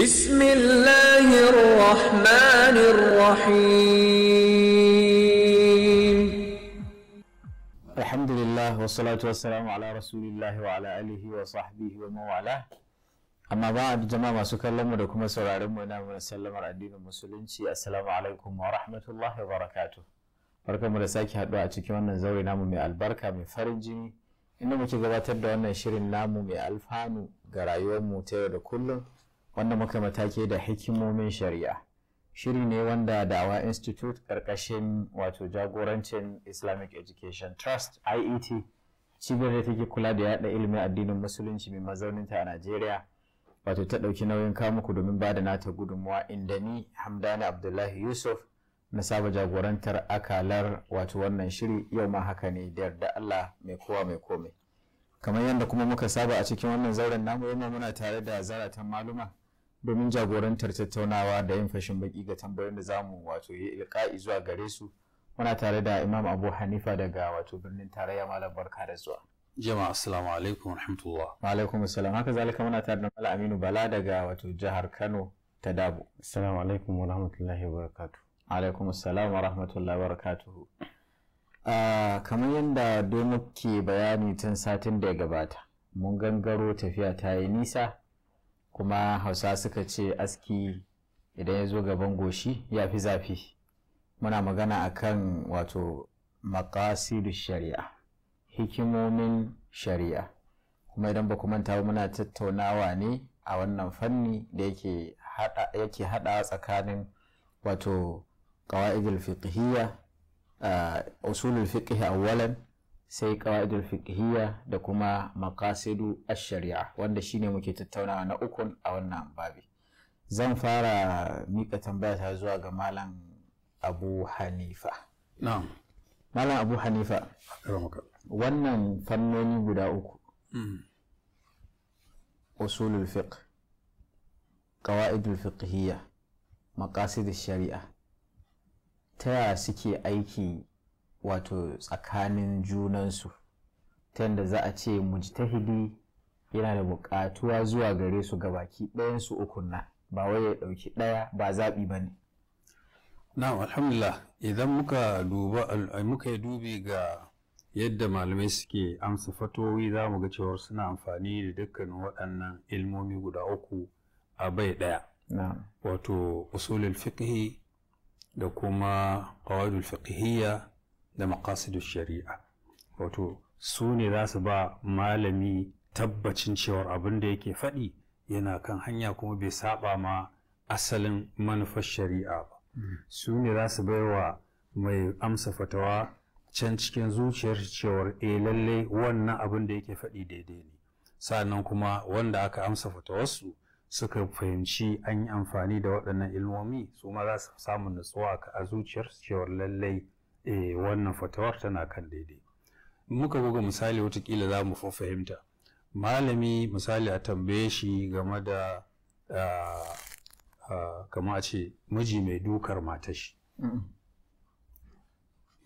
بسم الله الرحمن الرحيم الحمد لله والصلاة والسلام على رسول الله وعلى آله وصحبه amma ba a jama'a masu kallon mu da kuma sauraron mu na mu sallamar addinin musulunci assalamu alaikum wa rahmatullahi wa barakatuh mu da sake haɗu a cikin wannan zaure namu mai albarka mai farin jini inda muke gabatar da wannan shirin namu mai alfanu ga rayuwar mu ta yau da kullum wanda muka matake da hikimomin shari'a shiri ne wanda dawa institute karkashin wato jagorancin islamic education trust iet cibiyar da take kula da yada ilimin addinin musulunci mai mazauninta a najeriya wato ta ɗauki nauyin kama ku domin bada nata gudunmuwa inda ni hamdani abdullahi yusuf na saba jagorantar akalar wato wannan shiri yau ma haka ne da yarda allah mai kowa mai komai kamar yadda kuma muka saba a cikin wannan zauren namu yamma muna tare da zaratan maluma domin jagorantar tattaunawa da yin fashin baki ga tambayoyin da zamu wato yi ilka'i zuwa gare su muna tare da imam abu hanifa daga wato birnin tarayya malam barka da zuwa jama'a assalamu alaikum warahmatullah wa alaikum assalam haka zalika muna tare da malam aminu bala daga wato jihar kano ta dabo assalamu alaikum warahmatullahi wabarakatuh alaikum assalam warahmatullahi wabarakatuh ah, kamar yadda dai muke bayani tun satin da ya gabata mun gangaro tafiya ta yi nisa kuma hausa suka ce aski idan ya zo gaban goshi ya fi zafi muna magana a kan wato makasidu shari'a hikimomin shari'a kuma idan ba manta muna tattaunawa ne a wannan fanni da yake hada tsakanin wato ƙawa'idul fiqhiyya usulul fiqh awwalan sai kawa'idul fiqhiyya da kuma makasidu a sharia wanda shine muke tattaunawa na ukun a wannan babi zan fara miƙa tambaya ta zuwa ga malam Abu Hanifa malam Abu Hanifa wannan fannoni guda uku hmm. usulul fiqh qawaidul fiqhiyya makasidu shari'a ta suke aiki wato tsakanin junansu ta yadda za a ce mujtahidi yana da buƙatuwa zuwa gare su ga baki ɗayan su ukunna ba wai ya ɗauki ɗaya ba zaɓi ba ne na'am alhamdulillah idan muka duba eh, muka dubi ga yadda malamai suke amsa fatowi za mu ga cewar suna amfani da dukkanin waɗannan ilmomi guda uku a bai ɗaya wato usulul fiqhi da kuma qawaidul fiqhiyya da maqasidu shari'a wato su ne za su ba malami tabbacin cewar abin da yake faɗi yana kan hanya kuma bai saba ma asalin manufar shari'a ba hmm. su ne za su bai wa mai amsa fatawa can cikin zuciyar cewar e eh, lallai wannan abin da yake faɗi daidai ne sannan kuma wanda aka amsa fatawarsu suka fahimci an yi amfani da waɗannan ilmomi su ma za su samu nutsuwa a zuciyar cewar lallai eh wannan fatawar tana kan daidai muka buga misali watakila za mu fahimta malami misali a tambaye shi game da ah, ah, kama ce miji mai dukar matashi mm-hmm.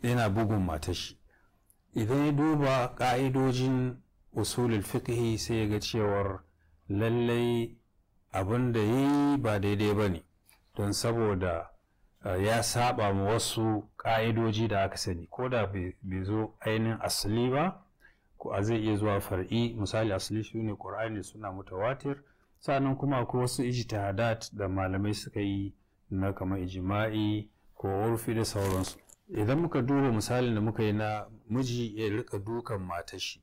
yana bugun matashi idan ya duba ƙa'idojin usulul fiqhi sai ya ga cewar lallai abin da ya yi ba daidai ba ne don saboda Eh, ya saba ma wasu ƙa'idoji da aka sani ko da bai zo ainihin asali ba ko a zai iya zuwa far'i misali asali shi ne ƙur'ani suna mutawatir sannan kuma ko wasu ijtihadat da malamai suka yi na kamar ijima'i ko urfi da sauransu idan muka duba misalin da muka yi na miji ya rika dukan matar shi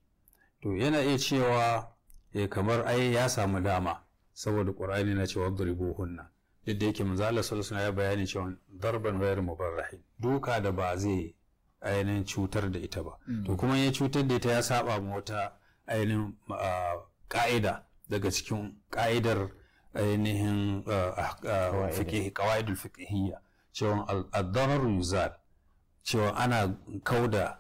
to yana iya cewa eh, kamar ai ya samu dama saboda ƙur'ani na cewa duribuhunna yadda yake manzo Allah sallallahu alaihi ya bayani cewa darban wayar mubarrahi duka da ba zai ainihin cutar da ita ba mm. to kuma ya cutar da ita ya saba ma wata ainihin ah, ka'ida daga cikin ka'idar ainihin ah, ah, fiqh qawaidul fiqhiyya cewa ad-darar yuzal cewa ana kauda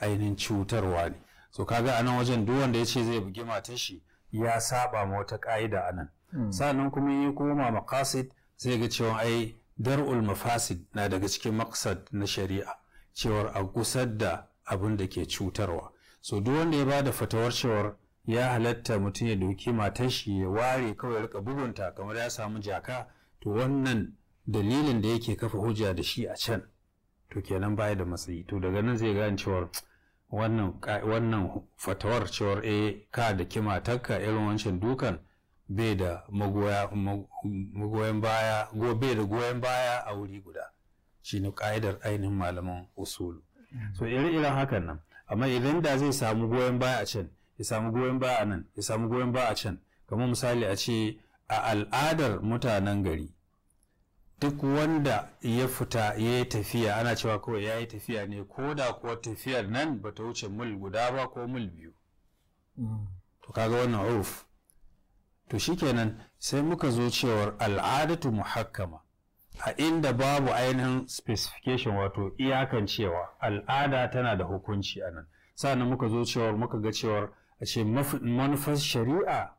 ainihin cutarwa ne so kaga anan wajen duk wanda ya ce zai bugi matar shi ya saba ma wata ka'ida anan. Mm. sannan kuma ya koma maqasid zai ga cewa ai dar'ul mafasid na daga cikin maksad na shari'a cewar a gusar da abin da ke cutarwa so duk wanda ya ba da fatawar cewar ya halatta mutum ya doki matan shi ya ware kawai rika bugunta kamar ya samu jaka to wannan dalilin da yake kafa hujja da shi a can to kenan baya da matsayi to daga nan zai gane cewar wannan fatawar cewar eh ka da ki irin wancan dukan bai da magoyan baya da goyon baya a wuri guda shi ne ka'idar ainihin malaman usulu so ire-iren hakan nan amma idan da zai samu goyon baya a can ya samu goyon baya a nan ya samu goyon baya a can kamar misali a ce a al'adar mutanen gari duk wanda ya fita ya yi tafiya ana cewa kawai ya yi tafiya ne ko da kuwa tafiyar nan ba ta wuce mul guda ba ko mul biyu mm. to kaga wannan uruf to shikenan sai muka zo cewar al'adatu muhakkama a inda babu ainihin specification wato iyakan cewa al'ada tana da hukunci a nan sannan muka zo cewar muka ga cewar a ce manufar shari'a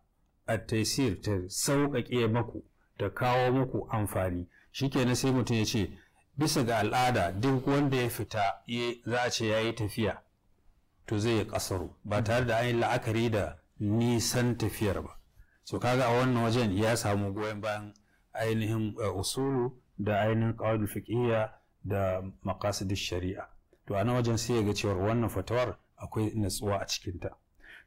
a taisir ta sauƙaƙe maku ta kawo muku amfani shikenan sai mutum ya ce bisa ga al'ada duk wanda ya fita za a ce ya yi tafiya to zai yi ƙasaru ba tare da an la'akari da nisan tafiyar ba so kaga a wannan wajen ya samu goyon bayan ainihin eh, usulu da ainihin da fiqhiyya da makasudin shari'a to a nan wajen sai ga cewa wannan fatawar akwai natsuwa a cikinta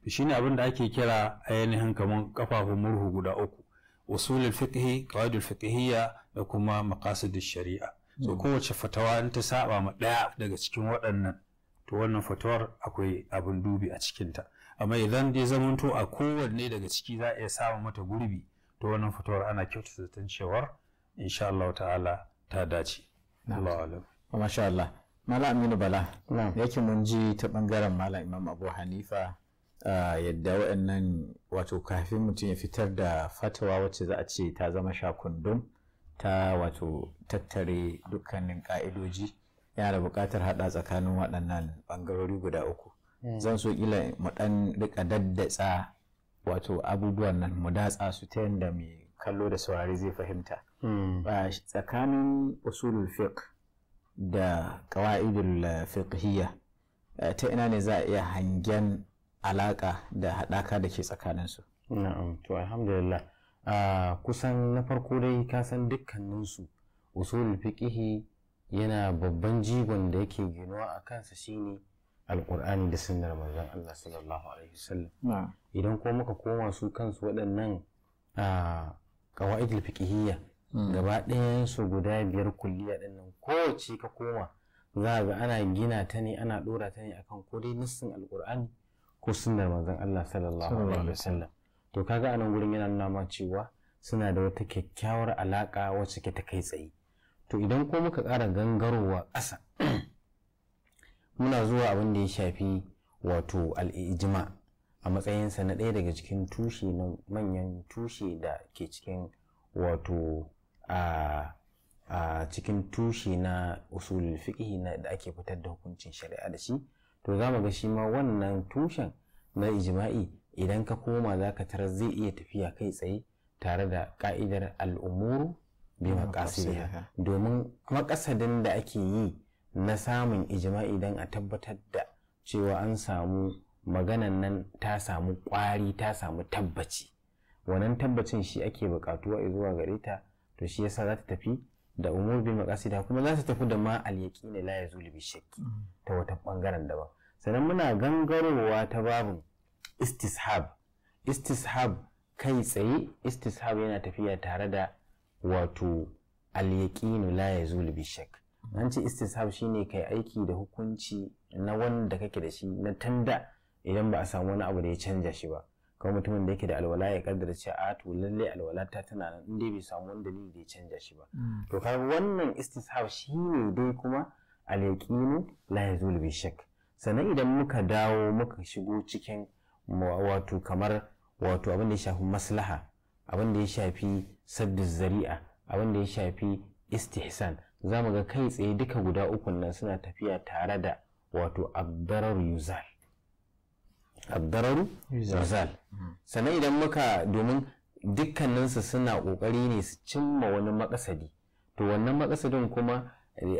to shine abin da ake kira ainihin kamar kafafun murhu guda uku usulul fiqhi qawaidul fiqhiyya da kuma makasudin shari'a so kowace fatawa in ta saba ma ɗaya daga cikin waɗannan to wannan fatawar akwai abin dubi a cikinta amma idan dai zamanto a kowanne daga ciki za a iya samu mata gurbi to wannan fitowar ana kyautata zaton cewar insha Allah ta'ala ta dace Allah Aminu Bala yake mun ji ta bangaren Malam Imam Abu Hanifa yadda waɗannan wato kafin mutum ya fitar da fatawa wacce za a ce ta zama sha shakundun ta wato tattare dukkanin ka'idoji yana da bukatar haɗa tsakanin waɗannan bangarori guda uku Eh. zan so kila mu dan rika daddatsa wato abubuwan nan mu datsa su ta yadda mai kallo da saurari zai fahimta hmm. tsakanin usulul fiqh da qawaidul fiqhiyya eh, ta ina ne za a iya hangen alaka da hadaka da ke tsakaninsu na'am to alhamdulillah ah, kusan na farko dai ka san dukkaninsu usulul fiqhi yana babban jigon da yake ginuwa a kansa shine al'ƙur'ani da sunnar manzon Allah sallallahu alaihi wasallam idan ko muka koma su kansu waɗannan qawaid al-fiqhiyya hmm. gaba ɗayan su guda biyar kulliya ɗin nan kowace ka koma za a ga ana gina ta ne ana ɗora ta ne akan ko dai nassin al'ƙur'ani ko sunnar manzon Allah sallallahu alaihi wasallam to kaga anan gurin yana nuna ma cewa suna da wata kyakkyawar alaƙa wacce ke ta kai tsaye to idan ko muka ƙara gangarowa ƙasa muna zuwa abin da ya shafi wato al'ijima a matsayinsa na ɗaya daga cikin tushe na manyan tushe da ke cikin wato a a cikin tushe na usulul fiqh na da ake fitar da hukuncin shari'a da shi to za mu ga shi ma wannan tushen na ijma'i idan ka koma za ka tarar zai iya tafiya kai tsaye tare da ka'idar al'umuru bi maqasidiha domin makasadin da ake yi na samun ijma'i don a tabbatar da cewa an samu maganan nan ta samu kwari ta samu tabbaci wannan tabbacin shi ake buƙatuwa zuwa gare ta to shi yasa za ta tafi da umur bin maqasida kuma za ta tafi da ma al yaqini la yazul bi shakki mm. ta wata bangaren daban sannan muna gangarowa ta babun istishab istishab kai tsaye istishab yana tafiya tare da wato al yaqinu la yazul bi shakk an ce shi ne kai aiki da hukunci na wanda kake da shi na tanda idan ba a samu wani abu da ya canja shi ba kawai mutumin da yake da alwala ya kaddara ce a ah, to lallai alwala ta tana nan inda bai samu wani dalili da ya canja shi ba mm. to kai wannan shi ne dai kuma al la yazul bi shakk sannan idan muka dawo muka shigo cikin wato kamar wato abin da ya shafi maslaha abin da ya shafi saddu zari'a abin da ya shafi istihsan za mu ga kai tsaye duka guda ukun nan suna tafiya tare da wato abdararu yuzal abdararu yuzal hmm. sannan idan muka domin dukkaninsu suna ƙoƙari ne su cimma wani makasadi to wannan makasadin kuma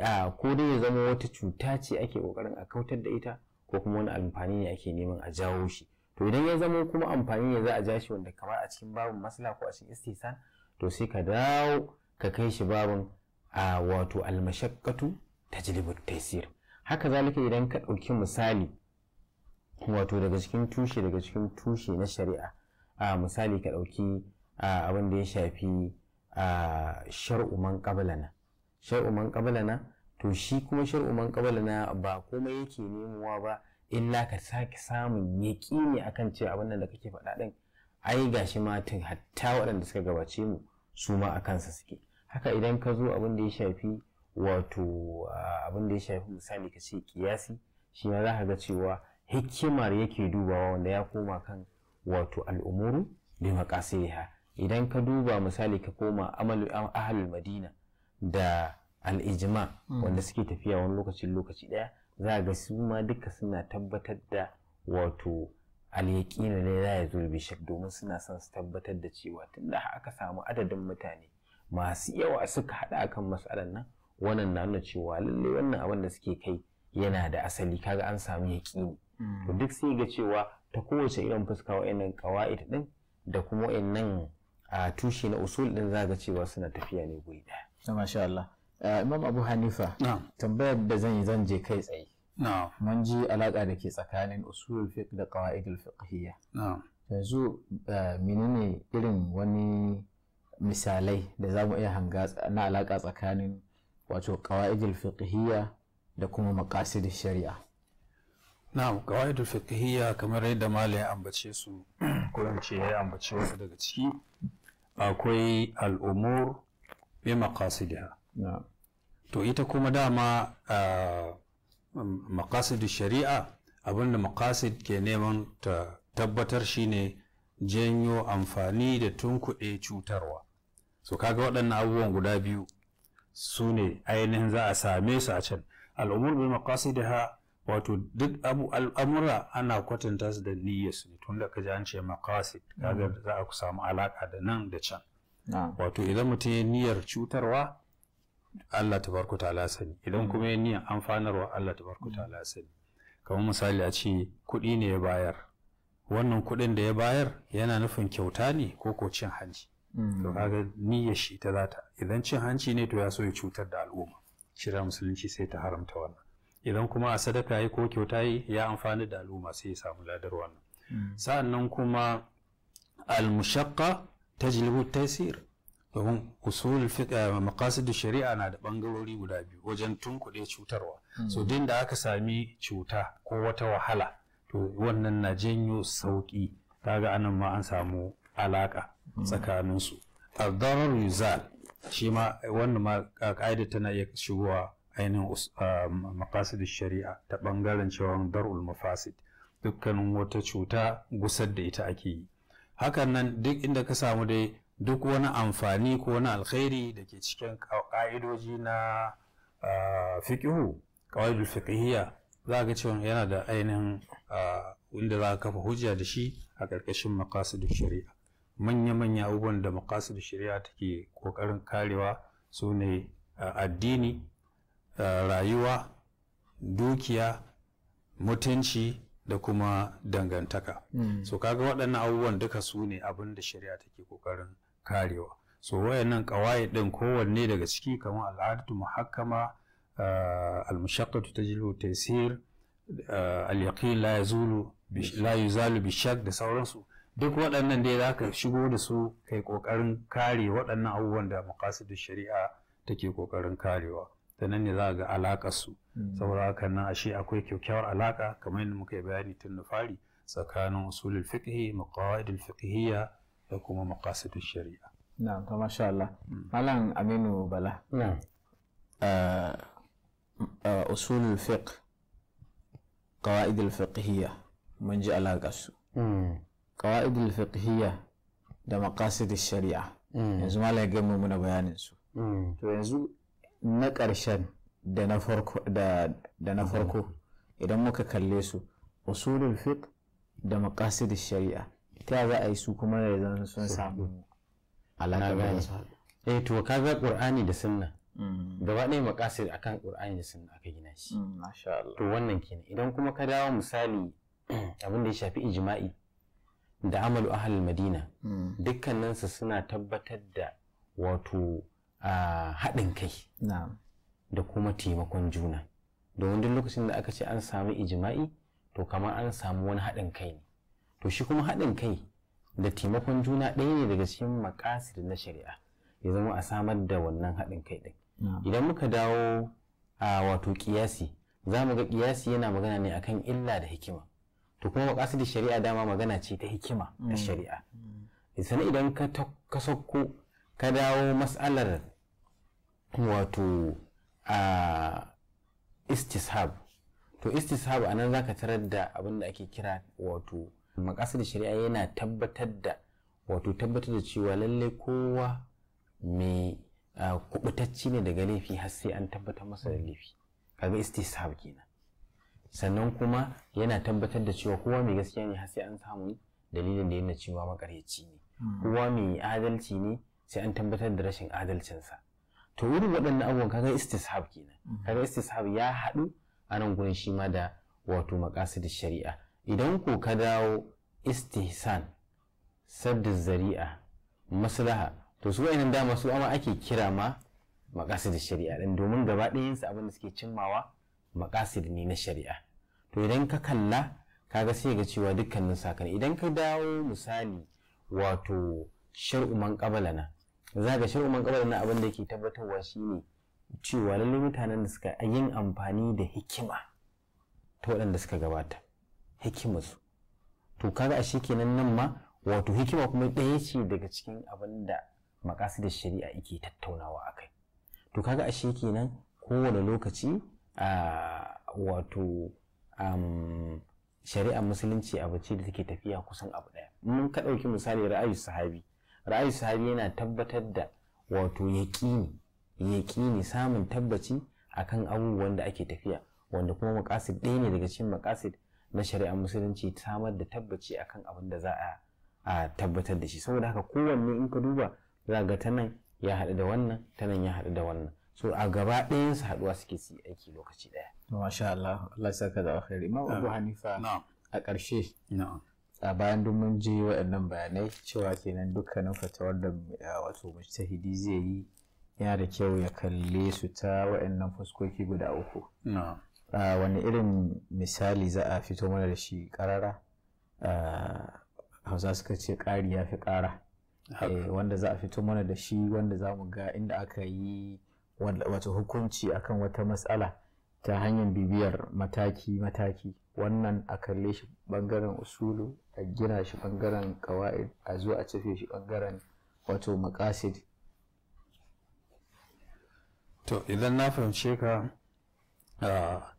a ko dai ya zama wata cuta ce ake ƙoƙarin a kautar da ita ko kuma wani amfani ne ake neman a jawo shi to idan ya zama kuma amfani ne za a ja shi wanda kamar a cikin babin masala ko a cikin istisan to sai ka dawo ka kai shi babin a wato almashakkatu tajlibu taysir haka zalika idan ka ɗauki misali wato daga cikin tushe daga cikin tushe na shari'a a misali ka ɗauki abin da ya shafi shar'uman shar'uman ƙabalana shar'uman ƙabalana to shi kuma shar'uman ƙabalana ba komai yake nemowa ba illa ka sake samun yaƙi a akan ce abin da kake faɗa ɗin ai gashi ma hatta waɗanda suka gabace mu su ma a kansa suke haka idan ka zo abin da ya shafi wato abin da ya shafi misali ka ce kiyasi shi ne za ka ga cewa hikimar yake dubawa wanda ya koma kan wato al'umuru bi maqasidiha idan ka duba misali ka koma amal ahlul madina da al ijma hmm. wanda suke tafiya wani lokaci lokaci daya za ga su ma duka suna tabbatar da wato alyaƙina ne za ya zo shak domin suna son su tabbatar da cewa tunda aka samu adadin mutane masu yawa suka haɗa a kan matsalar nan wannan na nuna cewa lallai wannan abin da suke kai yana da asali kaga an samu yaƙini mm. to duk sai ga cewa ta kowace irin fuska wa'annan qawaid ɗin da kuma wa'annan a tushe na usul za ga cewa suna tafiya ne guri daya masha Allah Imam Abu Hanifa tambayar da zan yi zan je kai tsaye mun ji alaƙa da ke tsakanin usulul fiqh da qawaidul fiqhiyya yanzu menene irin wani misalai da za mu iya hanga na alaƙa tsakanin wato ƙawa'idul fiqhiyya da kuma maƙasidin shari'a na'am ƙawa'idul fiqhiyya kamar yadda malai ya ambace su ko ya ambace wasu daga ciki akwai al'umur bi maqasidiha to ita kuma dama maqasid shari'a abinda maqasid ke neman ta tabbatar shine janyo amfani da tunkuɗe cutarwa so kaga waɗannan abubuwan guda biyu su ne ainihin za a same su a can al'umur bil ha wato duk abu al'amura ana kwatanta su da niyyar su ne tun da ji an ce maqasid kaga mm. za a ku samu alaka da nan da can wato idan mutum ya niyyar cutarwa Allah tabarku ta'ala sani idan kuma ya niyyar amfanarwa Allah tabarku ta'ala sani kamar misali a ce kuɗi ne ya bayar wannan kuɗin da ya bayar yana nufin kyauta ne ko ko cin hanci to mm. kaga niyyar shi ta zata idan cin hanci ne to ya so ya cutar da al'umma shirya musulunci sai ta haramta wannan idan kuma a sadaka yi ko kyauta yi ya amfani da al'umma sai ya samu ladar wannan mm. sa'an nan kuma al-mushaqqa tajlibu tasir domin usul eh, maqasid shari'a na da bangarori guda biyu wajen tunkuɗe cutarwa so mm. din da aka sami cuta ko wata wahala to wannan na janyo sauki kaga anan ma an samu alaka tsakaninsu su rizal shi ma wannan ma ka'ida tana iya shigowa ainihin um, mafasid shari'a ta bangaren cewa darul mafasid dukkanin wata cuta gusar da ita ake yi hakan nan duk inda ka samu dai duk wani amfani ko wani alkhairi da ke cikin ka'idoji na uh, fiƙihu ƙawaidul fiƙihiyya za ga cewa yana da ainihin uh, inda za ka kafa hujja da shi a ƙarƙashin maqasidul shari'a manya-manya abubuwan da makasar shari'a take ƙoƙarin karewa su ne eh, addini eh, rayuwa dukiya mutunci da kuma dangantaka hmm. so kaga waɗannan abubuwan duka su ne abin da shari'a take ƙoƙarin karewa so wayannan ƙawaye ɗin kowanne daga ciki kamar al'adatu muhakkama uh, al-mushaqqatu tajlibu taysir al-yaqin la yazulu la yuzalu bishak da sauransu duk waɗannan dai za ka shigo da su kai ƙoƙarin kare waɗannan abubuwan da maƙasidin shari'a take ƙoƙarin karewa ta nan ne za ga alaƙar su hmm. saboda haka nan ashe akwai kyaukyawar alaƙa kamar yadda muka yi bayani tun da fari tsakanin usulul fiqhi maqaidul fiqhiyya da kuma maqasidul shari'a na'am to masha Allah hmm. malam Aminu Bala na'am eh, eh, usulul fiqh qawaidul fiqhiyya mun ji alaƙar su hmm. qawaidul fiqhiyya da maqasid shari'a yanzu ma ga mu muna bayanin su to yanzu na ƙarshen da na farko da na farko idan muka kalle su usulul fiqh da maqasid shari'a ta za a yi su kuma da zan sun samu alaka gani eh to kaga qur'ani da sunna gaba ɗaya maqasid akan qur'ani da sunna aka gina shi masha Allah to wannan kenan idan kuma ka dawo misali abin da ya shafi ijma'i da mm. amalu ahal madina mm. su suna tabbatar da wato haɗin kai da kuma taimakon juna domin duk lokacin da aka ce an samu ijima'i to kamar an samu wani haɗin kai ne to shi kuma haɗin kai da taimakon juna ɗaya ne daga cikin makasir na shari'a ya zama a samar da wannan haɗin kai ɗin idan muka dawo a wato ƙiyasi za mu ga ƙiyasi yana magana ne akan illa da hikima to kuma maqasidin shari'a dama magana ce ta hikima ta mm. shari'a mm. sannan idan ka ka sauko ka dawo mas'alar wato a istishab to istishab anan ka tarar da abin da ake kira wato maqasidin shari'a yana tabbatar da wato tabbatar da cewa lalle kowa mai kubutacci ne daga laifi har sai an tabbatar masa da laifi kaga istishab kenan sannan kuma yana tabbatar da cewa kowa mai gaskiya ne har sai an samu dalilin da yana cewa makaryaci ne hmm. kowa mai adalci ne sai an tabbatar da rashin adalcinsa to wurin waɗannan abubuwan kaga istishab kenan hmm. kaga istishab ya haɗu a nan gurin shi ma da wato maqasid shari'a idan ko ka dawo istihsan sadda zari'a maslaha to su wa'annan dama su amma ake kira ma maqasid shari'a din domin gaba ɗayan su abin da suke cimmawa makasid ne na shari'a to idan ka kalla ka ga sai ga cewa dukkanin sakan idan ka dawo misali wato shar'uman kabala na za ga shar'uman kabala na abin da ke tabbatarwa shine cewa lallai mutanen da suka yin amfani da hikima ta waɗanda suka gabata hikimarsu to kaga ashe kenan nan ma wato hikima kuma ɗaya ce daga cikin abin da makasidar shari'a yake tattaunawa akai to kaga ashe kenan kowane lokaci wato shari'ar musulunci abu ce da take tafiya kusan abu ɗaya mun ka ɗauki misali ra'ayi sahabi ra'ayi sahabi yana tabbatar da wato yaƙini yaƙini samun tabbaci akan abubuwan da ake tafiya wanda kuma makasid ɗaya ne daga cikin makasid na shari'ar musulunci samar da tabbaci akan abin da za a tabbatar da shi saboda haka kowanne in ka duba za ga ta nan ya haɗu da wannan ta nan ya haɗu da wannan so a gaba ɗayan su haɗuwa suke su aiki lokaci ɗaya masha Allah Allah saka da alkhairi imam Abu Hanifa a ƙarshe a bayan duk mun je waɗannan bayanai cewa kenan dukkanin fatawar da wato mujtahidi zai yi yana da kyau ya kalle su ta waɗannan fuskoki guda uku wani irin misali za a fito mana da shi karara hausa suka ce ƙari ya fi ƙara eh, wanda za a fito mana da shi wanda za mu ga inda aka yi wato hukunci akan wata matsala ta hanyar bibiyar mataki-mataki wannan a kalle shi bangaren usulu a gina shi bangaren kawa'id a zo a cife shi bangaren wato makasid to idan na fahimce ka ah,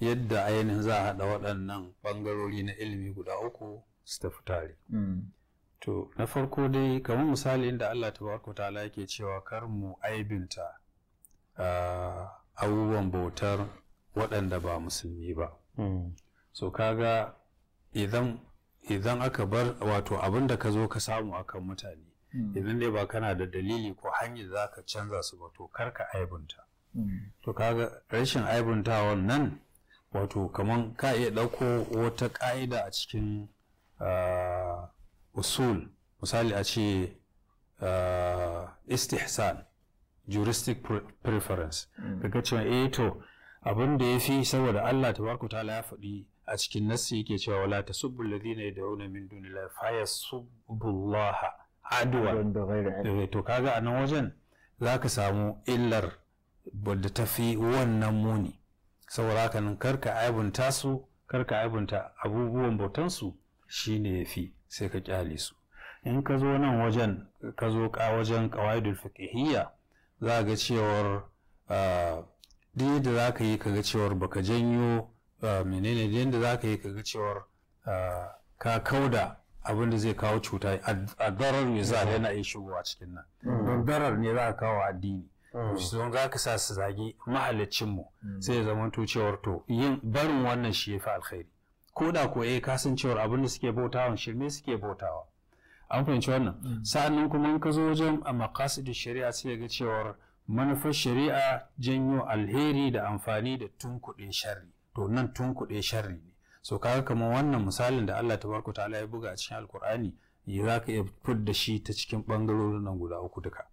yadda ainihin za a haɗa waɗannan bangarori na ilimi guda uku su tafi tare mm. to na farko dai kamar misali inda allah ta ta'ala yake cewa kar mu aibinta Ah, abubuwan bautar waɗanda ba musulmi ba hmm. so kaga idan idan aka bar wato abin da ka zo ka samu akan mutane hmm. idan dai ba kana da dalili ko hanyar za ka canza su ba to kar ka aibunta hmm. to kaga rashin aibuntawan nan wato kamar ka iya ɗauko wata ƙa'ida a cikin ah, usul misali a ce ah, istihsan juristic preference mm. kaga cewa eh to abin da ya fi saboda Allah baku ta ya faɗi a cikin nassi yake cewa wala tasubbu alladhina yad'una min dunillahi fa yasubbullaha adwa eh, to kaga a nan wajen zaka samu illar wadda ta fi wannan muni saboda haka nan karka aibunta su karka aibunta abubuwan su shine ya fi sai ka kyale su in ka zo nan wajen ka zo ka wajen qawaidul fiqhiyya za ga cewar ah, duk yadda za ka yi kaga cewar baka janyo ah, menene da yadda za ka yi kaga cewar ah, ka kauda abin da zai kawo cuta a mm-hmm. darar ne za yana iya a cikin nan don darar ne za a kawo addini mm-hmm. don za ka sa su zage mu mm-hmm. sai ya zama to cewar to yin barin wannan shi ya fi alkhairi ko da ko eh kasancewar abin da suke bautawa shirme suke bautawa an fahimci wannan mm. sa'annan kuma in ka zo wajen a makasidin shari'a sai ga cewar manufar shari'a janyo alheri da amfani da kuɗin sharri to nan tunkuɗin sharri ne so kaga kamar wannan misalin da Allah tabaraka ta'ala ya buga a cikin alkur'ani za ka iya da shi ta cikin bangarorin nan guda uku duka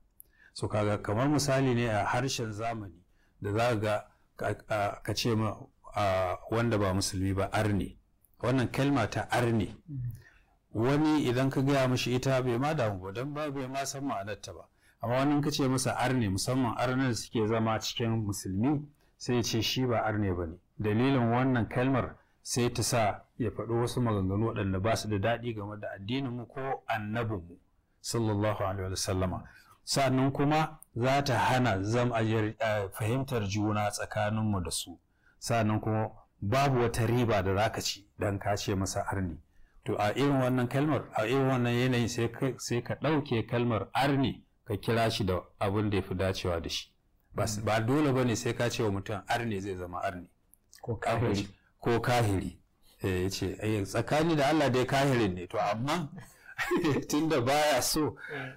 so kaga kamar misali ne a harshen zamani da za ga ka ce ma wanda ba musulmi ba arne wannan kalma ta arne mm. wani idan ka gaya mashi ita bai ma damu ba don ba bai ma san ma'anarta ba amma wani ka ce masa arne musamman arne da suke zama cikin musulmi sai ce shi ba arne ba ne dalilin wannan kalmar sai ta sa ya faɗo wasu maganganu waɗanda ba su da daɗi game da addinin mu ko annabinmu sallallahu alaihi wa sallama sannan kuma za ta hana zam fahimtar juna tsakaninmu da su sannan kuma babu wata riba da za ka ci dan ka ce masa arne to a irin wannan kalmar a irin wannan yanayin sai ka ɗauke kalmar arni ka kira shi da abin da ya fi dacewa da shi ba dole ba ne sai ka ce wa mutum arni zai zama arni ko kahiri ko kahiri eh, ya ce eh, tsakani da Allah dai kahirin ne to amma tun da baya so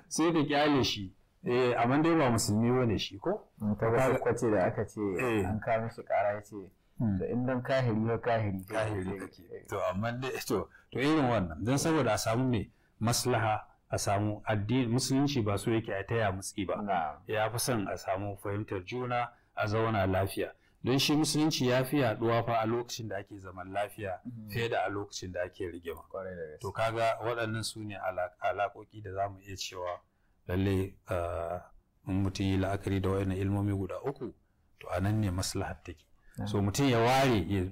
sai da kyale shi eh, amma dai ba musulmi bane shi ko ta wasu kwace da aka ce an kawo shi kara ya ce da hmm. in dan kahiri ya kahiri kahiri kake to amma dai to to irin wannan dan saboda a samu ne maslaha a samu addini musulunci ba su yake a taya mutsi ba ya fi son a samu fahimtar juna a zauna lafiya don shi musulunci ya fi yaduwa fa a lokacin da ake zaman lafiya hmm. fiye da a lokacin da ake rigima to kaga waɗannan su ne alaƙoƙi da za mu iya cewa lalle ah, mutum yi la'akari da waɗannan ilmomi guda uku to a nan ne maslahar take so mutum ya ware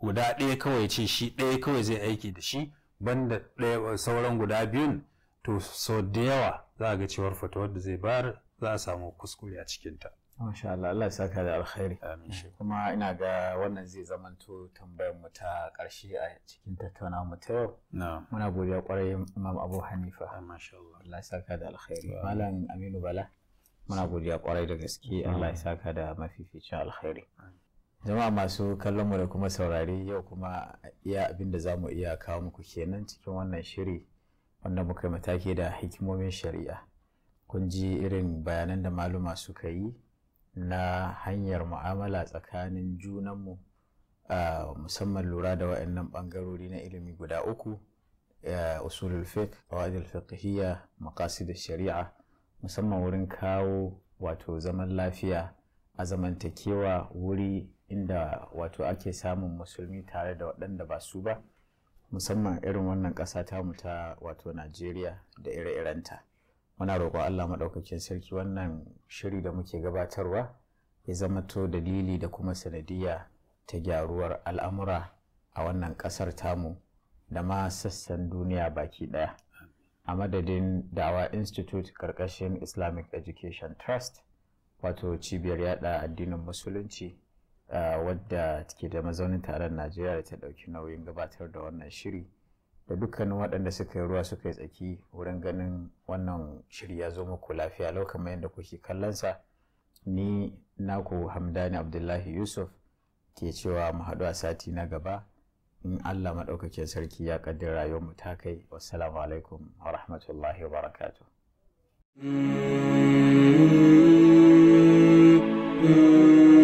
guda ɗaya kawai ce shi ɗaya kawai zai aiki da shi banda ɗaya sauran guda biyun to sau da yawa za a ga cewar fatawar da zai bayar za a samu kuskure a cikinta. Masha Allah Allah ya saka da alkhairi. Kuma ina ga wannan zai zamanto tambayar mu ta ƙarshe a cikin tattauna mu ta yau. Muna godiya kwarai Imam Abu Hanifa. Ah, Masha Allah. Allah ya saka da alkhairi. Malam Aminu Bala. Muna godiya kwarai da gaske. Allah ya saka da mafificin alkhairi. jama'a masu kallon mu da kuma saurari yau kuma iya abin da zamu iya kawo muku kenan cikin wannan shiri wanda muka mataki da hikimomin shari'a kun ji irin bayanan da maluma suka yi na hanyar mu'amala tsakanin junanmu musamman lura da wa'annan bangarori na ilimi guda uku usulul fiqh qawaidul fiqhiyya maqasid shari'a musamman wurin kawo wato zaman lafiya a zamantakewa wuri inda wato ake samun musulmi tare da waɗanda ba su ba musamman irin wannan ƙasa ta muta ta wato najeriya da ire-irenta muna roƙo allah maɗaukakin sarki wannan shiri da muke gabatarwa ya zama to dalili da kuma sanadiyya ta gyaruwar al'amura a wannan ƙasar tamu da ma sassan duniya baki ɗaya a madadin dawa institute ƙarƙashin islamic education trust wato cibiyar yada addinin musulunci wadda take da mazaunin taron najeriya da ta dauki nauyin gabatar da wannan shiri da dukkanin waɗanda suka yi ruwa suka yi tsaki wurin ganin wannan shiri ya zo muku lafiya lau kamar yadda kuke kallonsa ni naku hamdani abdullahi yusuf ke cewa mu haɗu a sati na gaba in allah maɗaukakin sarki ya ƙaddin mu ta kai Wasalamu alaikum wa rahmatullahi wa barakatuh mm-hmm. Mm-hmm.